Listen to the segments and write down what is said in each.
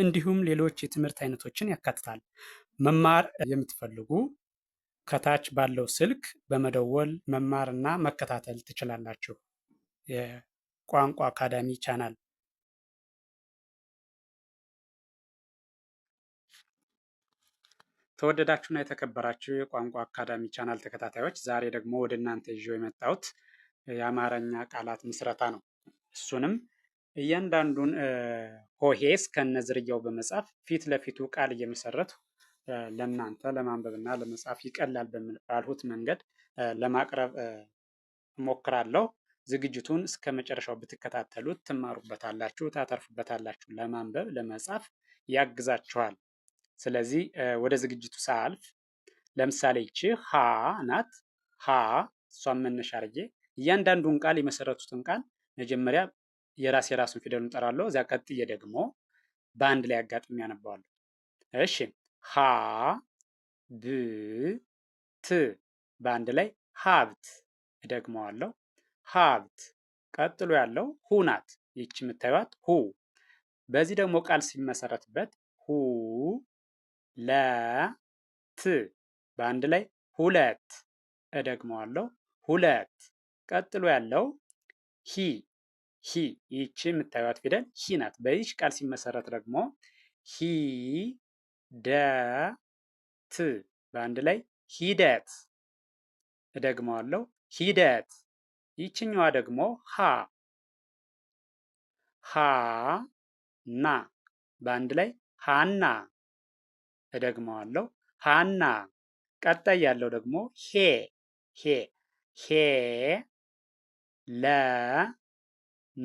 እንዲሁም ሌሎች የትምህርት አይነቶችን ያካትታል። መማር የምትፈልጉ ከታች ባለው ስልክ በመደወል መማርና መከታተል ትችላላችሁ። የቋንቋ አካዳሚ ቻናል ተወደዳችሁና የተከበራችሁ የቋንቋ አካዳሚ ቻናል ተከታታዮች፣ ዛሬ ደግሞ ወደ እናንተ ይዤው የመጣሁት የአማርኛ ቃላት ምስረታ ነው። እሱንም እያንዳንዱን ሆሄ ከነዝርያው በመጻፍ ፊት ለፊቱ ቃል እየመሰረቱ ለእናንተ ለማንበብና ለመጻፍ ይቀላል በሚባልሁት መንገድ ለማቅረብ እሞክራለሁ። ዝግጅቱን እስከ መጨረሻው ብትከታተሉት ትማሩበታላችሁ፣ ታተርፉበታላችሁ። ለማንበብ ለመጻፍ ያግዛችኋል። ስለዚህ ወደ ዝግጅቱ ሳልፍ ለምሳሌ ይቺ ሀ ናት። ሀ እሷ መነሻ አድርጌ እያንዳንዱን ቃል የመሰረቱትን ቃል መጀመሪያ የራስ የራሱን ፊደል እንጠራለሁ። እዚያ ቀጥዬ ደግሞ በአንድ ላይ አጋጥሚ ያነባዋለሁ። እሺ ሀ ብ ት በአንድ ላይ ሀብት። እደግመዋለሁ ሀብት። ቀጥሎ ያለው ሁ ናት። ይቺ የምታዩት ሁ። በዚህ ደግሞ ቃል ሲመሰረትበት ሁ ለ ት በአንድ ላይ ሁለት። እደግመዋለሁ ሁለት። ቀጥሎ ያለው ሂ ሂ ይቺ የምታዩት ፊደል ሂ ናት። በይሽ ቃል ሲመሰረት ደግሞ ሂ ደ ት በአንድ ላይ ሂደት። እደግመዋለሁ ሂደት። ይችኛዋ ደግሞ ሀ ሀ ና በአንድ ላይ ሃና። እደግመዋለሁ ሃና። ቀጣይ ያለው ደግሞ ሄ ሄ ሄ ለ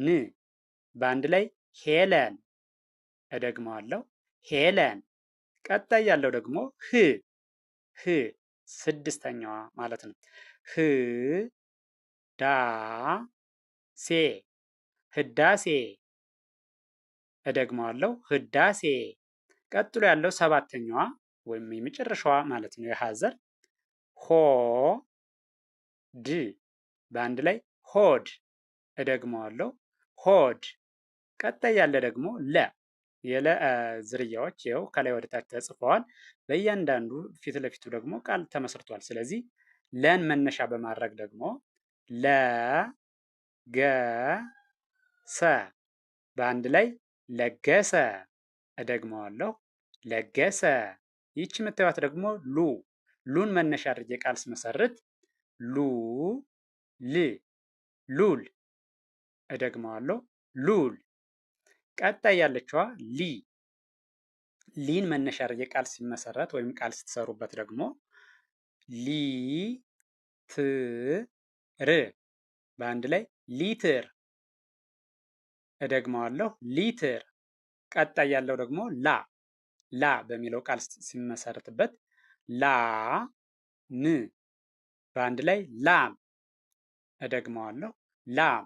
ን በአንድ ላይ ሄለን። እደግመዋለሁ ሄለን። ቀጣይ ያለው ደግሞ ህ ህ ስድስተኛዋ ማለት ነው። ህ ዳ ሴ ህዳሴ። እደግመዋለሁ ህዳሴ። ቀጥሎ ያለው ሰባተኛዋ ወይም የመጨረሻዋ ማለት ነው የሀዘር ሆ ድ በአንድ ላይ ሆድ እደግመዋለሁ ሆድ። ቀጣይ ያለ ደግሞ ለ የለ ዝርያዎች ይኸው ከላይ ወደታች ተጽፈዋል። በእያንዳንዱ ፊት ለፊቱ ደግሞ ቃል ተመስርቷል። ስለዚህ ለን መነሻ በማድረግ ደግሞ ለ ገ ሰ በአንድ ላይ ለገሰ። እደግመዋለሁ ለገሰ። ይቺ የምታዩት ደግሞ ሉ ሉን መነሻ አድርጌ ቃል ስመሰርት ሉ ል ሉል እደግመዋለሁ ሉል። ቀጣይ ያለችዋ ሊ ሊን መነሻ አድርጌ ቃል ሲመሰረት ወይም ቃል ስትሰሩበት ደግሞ ሊ ት ር በአንድ ላይ ሊትር። እደግመዋለሁ ሊትር። ቀጣይ ያለው ደግሞ ላ ላ በሚለው ቃል ሲመሰረትበት ላ ም በአንድ ላይ ላም። እደግመዋለሁ ላም።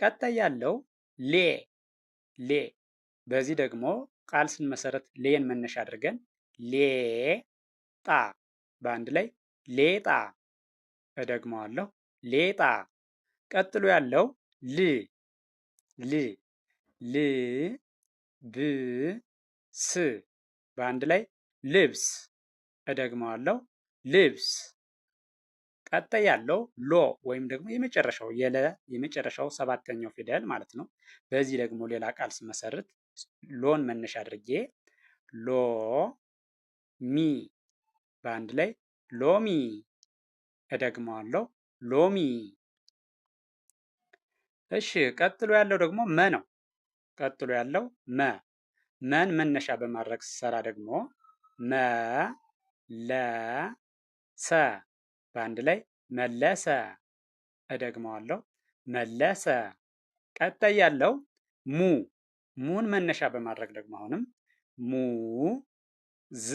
ቀጣይ ያለው ሌ ሌ በዚህ ደግሞ ቃል ስንመሰረት ሌን መነሻ አድርገን ሌጣ በአንድ ላይ ሌጣ። እደግመዋለሁ ሌጣ። ቀጥሎ ያለው ል ል ል ብ ስ በአንድ ላይ ልብስ። እደግመዋለሁ ልብስ። ቀጣይ ያለው ሎ ወይም ደግሞ የመጨረሻው የለ የመጨረሻው ሰባተኛው ፊደል ማለት ነው። በዚህ ደግሞ ሌላ ቃል ስመሰርት ሎን መነሻ አድርጌ ሎ ሚ በአንድ ላይ ሎሚ፣ እደግመዋለሁ ሎሚ። እሺ ቀጥሎ ያለው ደግሞ መ ነው። ቀጥሎ ያለው መ መን መነሻ በማድረግ ስሰራ ደግሞ መ ለ ሰ በአንድ ላይ መለሰ። እደግመዋለሁ፣ መለሰ። ቀጣይ ያለው ሙ ሙን መነሻ በማድረግ ደግሞ አሁንም ሙ ዝ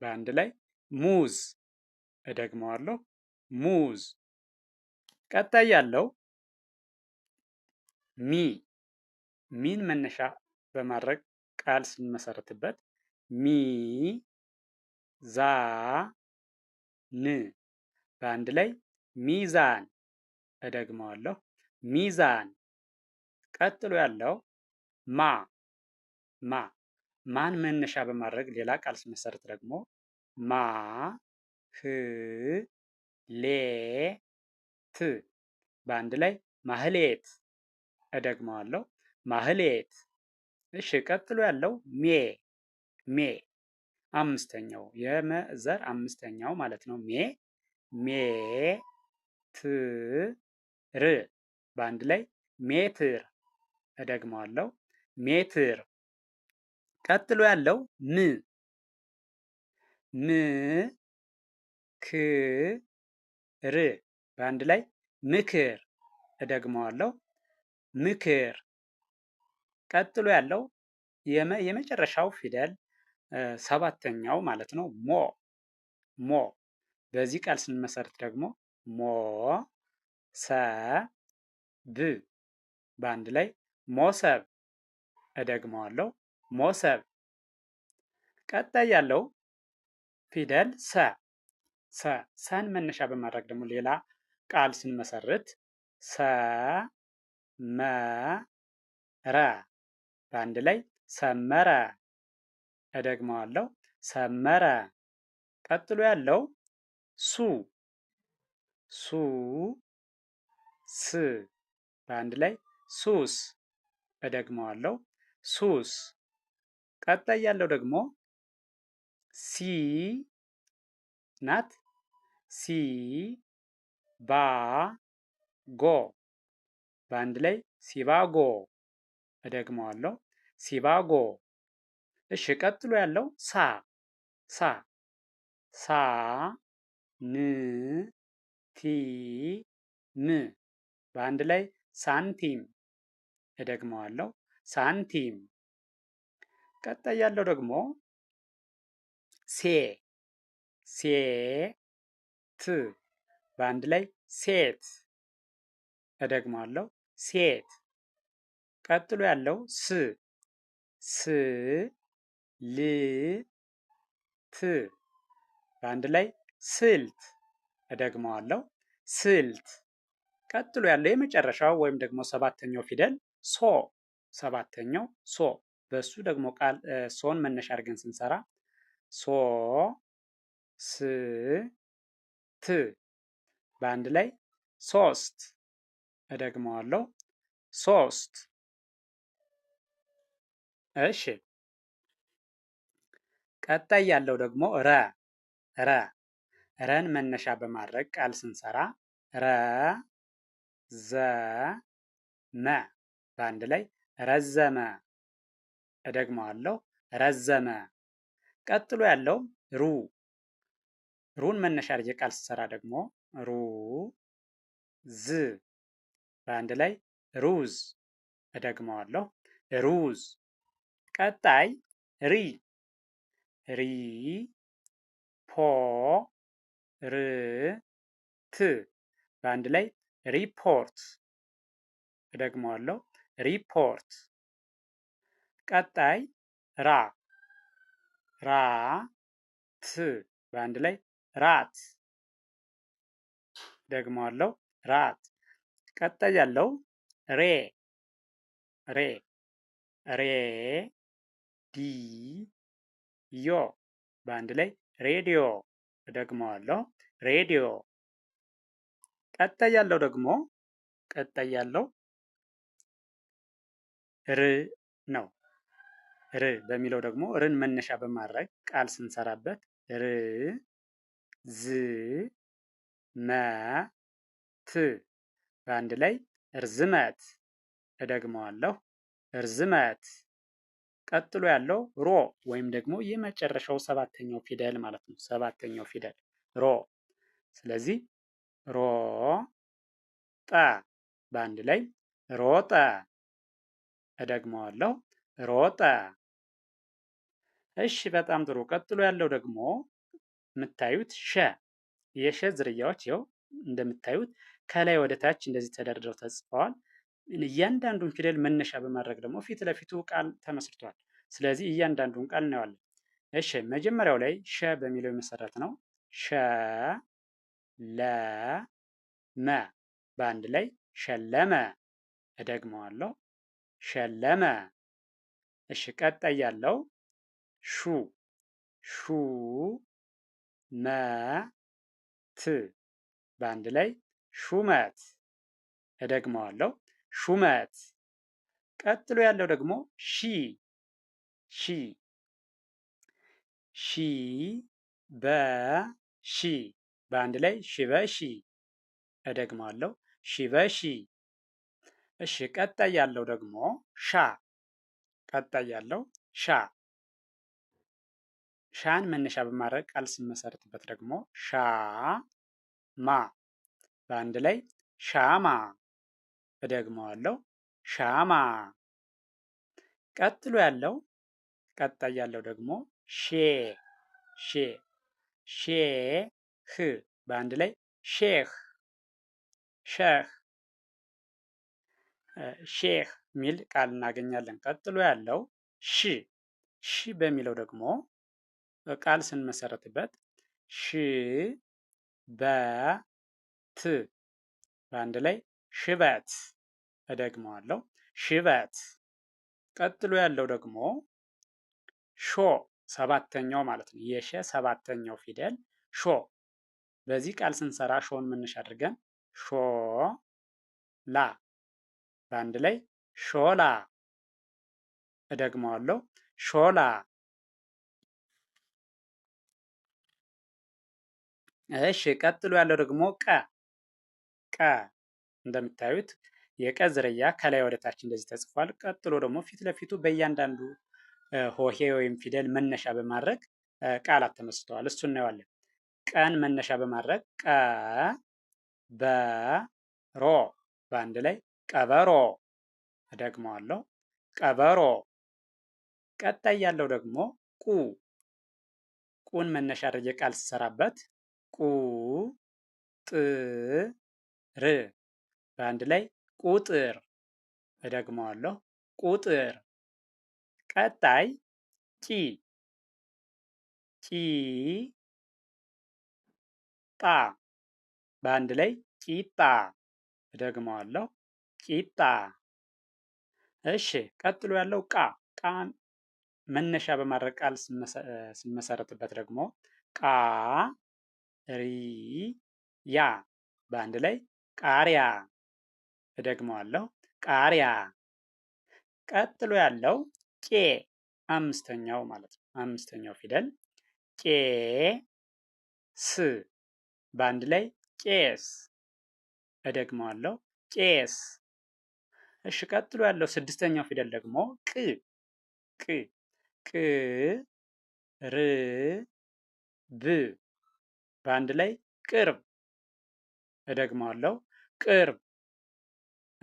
በአንድ ላይ ሙዝ። እደግመዋለሁ፣ ሙዝ። ቀጣይ ያለው ሚ ሚን መነሻ በማድረግ ቃል ስንመሰርትበት ሚ ዛ ን በአንድ ላይ ሚዛን። እደግመዋለሁ፣ ሚዛን። ቀጥሎ ያለው ማ ማ ማን መነሻ በማድረግ ሌላ ቃል ስመሰርት ደግሞ ማ ህ ሌ ት በአንድ ላይ ማህሌት። እደግመዋለሁ ማህሌት። እሺ፣ ቀጥሎ ያለው ሜ ሜ አምስተኛው የመዘር አምስተኛው ማለት ነው ሜ ሜትር በአንድ ላይ ሜትር። እደግመዋለሁ ሜትር። ቀጥሎ ያለው ም ምክር በአንድ ላይ ምክር። እደግመዋለሁ ምክር። ቀጥሎ ያለው የመጨረሻው ፊደል ሰባተኛው ማለት ነው ሞ ሞ በዚህ ቃል ስንመሰርት ደግሞ ሞ ሰ ብ በአንድ ላይ ሞሰብ። እደግመዋለሁ ሞሰብ። ቀጣይ ያለው ፊደል ሰ ሰ ሰን መነሻ በማድረግ ደግሞ ሌላ ቃል ስንመሰርት ሰ መ ረ በአንድ ላይ ሰመረ። እደግመዋለሁ ሰመረ። ቀጥሎ ያለው ሱ ሱ ስ በአንድ ላይ ሱስ። እደግመዋለሁ ሱስ። ቀጣይ ያለው ደግሞ ሲ ናት። ሲ ባ ጎ በአንድ ላይ ሲባጎ። እደግመዋለሁ ሲባጎ። እሺ ቀጥሎ ያለው ሳ ሳ ሳ ን ቲ ም በአንድ ላይ ሳንቲም። እደግመዋለሁ ሳንቲም። ቀጣይ ያለው ደግሞ ሴ ሴ ት በአንድ ላይ ሴት። እደግመዋለሁ ሴት። ቀጥሎ ያለው ስ ስ ል ት በአንድ ላይ ስልት እደግመዋለሁ፣ ስልት። ቀጥሎ ያለው የመጨረሻው ወይም ደግሞ ሰባተኛው ፊደል ሶ፣ ሰባተኛው ሶ። በሱ ደግሞ ቃል ሶን መነሻ አድርገን ስንሰራ ሶ ስ ት በአንድ ላይ ሶስት። እደግመዋለሁ፣ ሶስት። እሺ፣ ቀጣይ ያለው ደግሞ ረ ረ ረን መነሻ በማድረግ ቃል ስንሰራ ረ ዘ መ በአንድ ላይ ረዘመ። እደግመዋለሁ ረዘመ። ቀጥሎ ያለው ሩ ሩን መነሻ አድርጌ ቃል ስሰራ ደግሞ ሩ ዝ በአንድ ላይ ሩዝ። እደግመዋለሁ ሩዝ። ቀጣይ ሪ ሪ ፖ ር ት በአንድ ላይ ሪፖርት። እደግመዋለሁ ሪፖርት። ቀጣይ ራ ራ ት በአንድ ላይ ራት። እደግመዋለሁ ራት። ቀጣይ ያለው ሬ ሬ ሬ ዲ ዮ በአንድ ላይ ሬዲዮ እደግመዋለሁ ሬዲዮ። ቀጣይ ያለው ደግሞ ቀጣይ ያለው ር ነው። ር በሚለው ደግሞ ርን መነሻ በማድረግ ቃል ስንሰራበት ር ዝ መ ት በአንድ ላይ እርዝመት። እደግመዋለሁ እርዝመት ቀጥሎ ያለው ሮ ወይም ደግሞ የመጨረሻው ሰባተኛው ፊደል ማለት ነው። ሰባተኛው ፊደል ሮ። ስለዚህ ሮ ጠ በአንድ ላይ ሮጠ። እደግመዋለሁ ሮጠ። እሺ፣ በጣም ጥሩ። ቀጥሎ ያለው ደግሞ የምታዩት ሸ የሸ ዝርያዎች ይኸው እንደምታዩት ከላይ ወደ ታች እንደዚህ ተደርድረው ተጽፈዋል። እያንዳንዱን ፊደል መነሻ በማድረግ ደግሞ ፊት ለፊቱ ቃል ተመስርቷል። ስለዚህ እያንዳንዱን ቃል እናየዋለን። እሺ መጀመሪያው ላይ ሸ በሚለው የመሰረት ነው። ሸ ለ መ በአንድ ላይ ሸለመ። እደግመዋለሁ፣ ሸለመ። እሺ ቀጣይ ያለው ሹ ሹ መ ት በአንድ ላይ ሹመት። እደግመዋለሁ ሹመት። ቀጥሎ ያለው ደግሞ ሺ ሺ ሺ በሺ በአንድ ላይ ሺ በሺ። እደግማለሁ፣ ሺ በሺ። እሺ፣ ቀጣይ ያለው ደግሞ ሻ። ቀጣይ ያለው ሻ። ሻን መነሻ በማድረግ ቃል ስመሰርትበት ደግሞ ሻ ማ በአንድ ላይ ሻማ እደግመዋለሁ ሻማ። ቀጥሎ ያለው ቀጣይ ያለው ደግሞ ሼ ሼ ሼህ በአንድ ላይ ሼህ ሼህ ሼህ ሚል ቃል እናገኛለን። ቀጥሎ ያለው ሺ ሺ በሚለው ደግሞ ቃል ስንመሰረትበት ሺ በት በአንድ ላይ ሽበት እደግመዋለሁ። ሽበት። ቀጥሎ ያለው ደግሞ ሾ ሰባተኛው ማለት ነው። የሸ ሰባተኛው ፊደል ሾ። በዚህ ቃል ስንሰራ ሾን መነሻ አድርገን ሾ ላ በአንድ ላይ ሾላ። እደግመዋለሁ ሾላ። እሺ ቀጥሎ ያለው ደግሞ ቀ ቀ እንደምታዩት የቀ ዝርያ ከላይ ወደታች እንደዚህ ተጽፏል። ቀጥሎ ደግሞ ፊት ለፊቱ በእያንዳንዱ ሆሄ ወይም ፊደል መነሻ በማድረግ ቃላት ተመስርተዋል። እሱ እናየዋለን። ቀን መነሻ በማድረግ ቀ በሮ በአንድ ላይ ቀበሮ። እደግመዋለሁ፣ ቀበሮ። ቀጣይ ያለው ደግሞ ቁ። ቁን መነሻ አድርጌ ቃል ስሰራበት ቁ ጥ ር በአንድ ላይ ቁጥር እደግመዋለሁ ቁጥር ቀጣይ ቂ ቂ ጣ በአንድ ላይ ቂጣ እደግመዋለሁ ቂጣ እሺ ቀጥሎ ያለው ቃ ቃን መነሻ በማድረግ ቃል ስመሰረትበት ደግሞ ቃ ሪ ያ በአንድ ላይ ቃሪያ እደግመዋለሁ ቃሪያ። ቀጥሎ ያለው ቄ አምስተኛው ማለት ነው። አምስተኛው ፊደል ቄ ስ በአንድ ላይ ቄስ። እደግመዋለሁ ቄስ። እሺ፣ ቀጥሎ ያለው ስድስተኛው ፊደል ደግሞ ቅ ቅ ቅ ር ብ በአንድ ላይ ቅርብ። እደግመዋለሁ ቅርብ።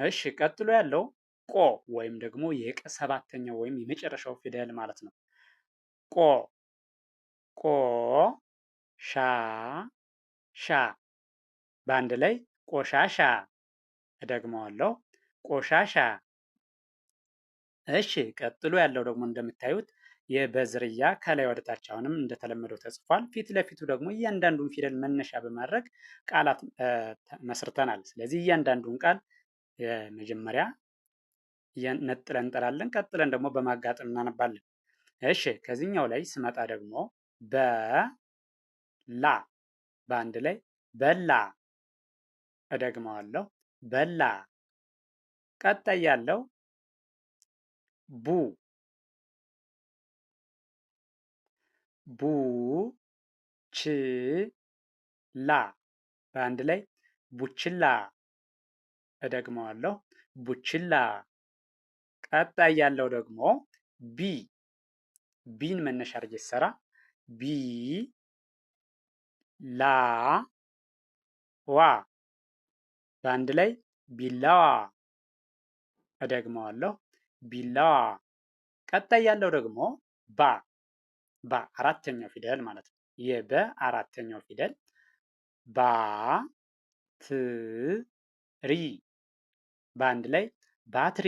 እሺ ቀጥሎ ያለው ቆ ወይም ደግሞ የቀ ሰባተኛው ወይም የመጨረሻው ፊደል ማለት ነው። ቆ ቆ ሻ ሻ በአንድ ላይ ቆሻሻ። እደግመዋለሁ ቆሻሻ። እሺ ቀጥሎ ያለው ደግሞ እንደምታዩት የበዝርያ ከላይ ወደታች አሁንም እንደተለመደው ተጽፏል። ፊት ለፊቱ ደግሞ እያንዳንዱን ፊደል መነሻ በማድረግ ቃላት መስርተናል። ስለዚህ እያንዳንዱን ቃል የመጀመሪያ ነጥለን እንጠራለን። ቀጥለን ደግሞ በማጋጠም እናነባለን። እሺ ከዚህኛው ላይ ስመጣ ደግሞ በላ በአንድ ላይ በላ። እደግመዋለሁ በላ። ቀጣይ ያለው ቡ ቡ ች ላ በአንድ ላይ ቡችላ እደግመዋለሁ ቡችላ። ቀጣይ ያለው ደግሞ ቢ ቢን መነሻ አድርጌ ሲሰራ ቢ ላ ዋ በአንድ ላይ ቢላዋ። እደግመዋለሁ ቢላዋ። ቀጣይ ያለው ደግሞ ባ ባ አራተኛው ፊደል ማለት ነው። የበ አራተኛው ፊደል ባ ት ሪ በአንድ ላይ ባትሪ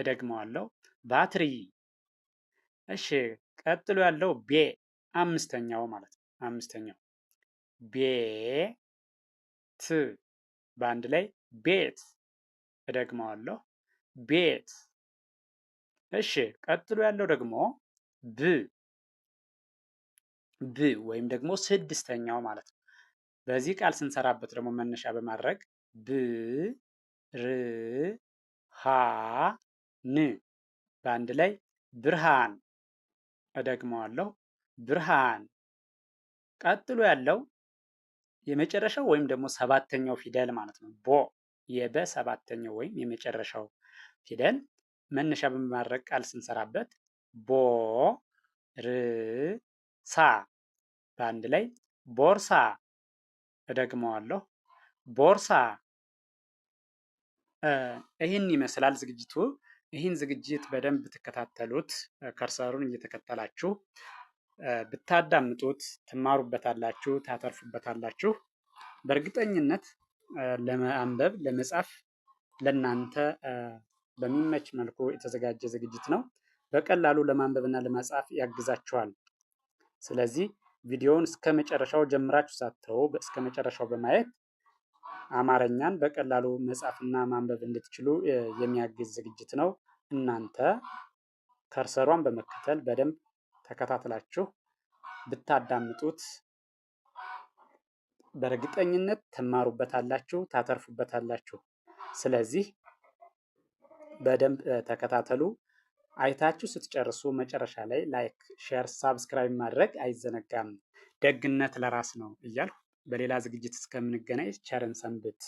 እደግመዋለሁ ባትሪ። እሺ ቀጥሎ ያለው ቤ አምስተኛው ማለት ነው። አምስተኛው ቤት በአንድ ላይ ቤት እደግመዋለሁ ቤት። እሺ ቀጥሎ ያለው ደግሞ ብ ብ ወይም ደግሞ ስድስተኛው ማለት ነው። በዚህ ቃል ስንሰራበት ደግሞ መነሻ በማድረግ ብ ርሃን በአንድ ላይ ብርሃን። እደግመዋለሁ ብርሃን። ቀጥሎ ያለው የመጨረሻው ወይም ደግሞ ሰባተኛው ፊደል ማለት ነው። ቦ የበ ሰባተኛው ወይም የመጨረሻው ፊደል መነሻ በማድረግ ቃል ስንሰራበት ቦ ር ሳ በአንድ ላይ ቦርሳ። እደግመዋለሁ ቦርሳ። ይህን ይመስላል ዝግጅቱ። ይህን ዝግጅት በደንብ ብትከታተሉት ከርሰሩን እየተከተላችሁ ብታዳምጡት ትማሩበታላችሁ፣ ታተርፉበታላችሁ። በእርግጠኝነት ለማንበብ ለመጻፍ ለእናንተ በሚመች መልኩ የተዘጋጀ ዝግጅት ነው። በቀላሉ ለማንበብና ለመጻፍ ያግዛችኋል። ስለዚህ ቪዲዮውን እስከ መጨረሻው ጀምራችሁ ሳትተው እስከ መጨረሻው በማየት አማርኛን በቀላሉ መጻፍና ማንበብ እንድትችሉ የሚያግዝ ዝግጅት ነው። እናንተ ከርሰሯን በመከተል በደንብ ተከታትላችሁ ብታዳምጡት በእርግጠኝነት ትማሩበታላችሁ፣ ታተርፉበታላችሁ። ስለዚህ በደንብ ተከታተሉ። አይታችሁ ስትጨርሱ መጨረሻ ላይ ላይክ፣ ሼር፣ ሳብስክራይብ ማድረግ አይዘነጋም። ደግነት ለራስ ነው እያልኩ በሌላ ዝግጅት እስከምንገናኝ ቸርን ሰንብት።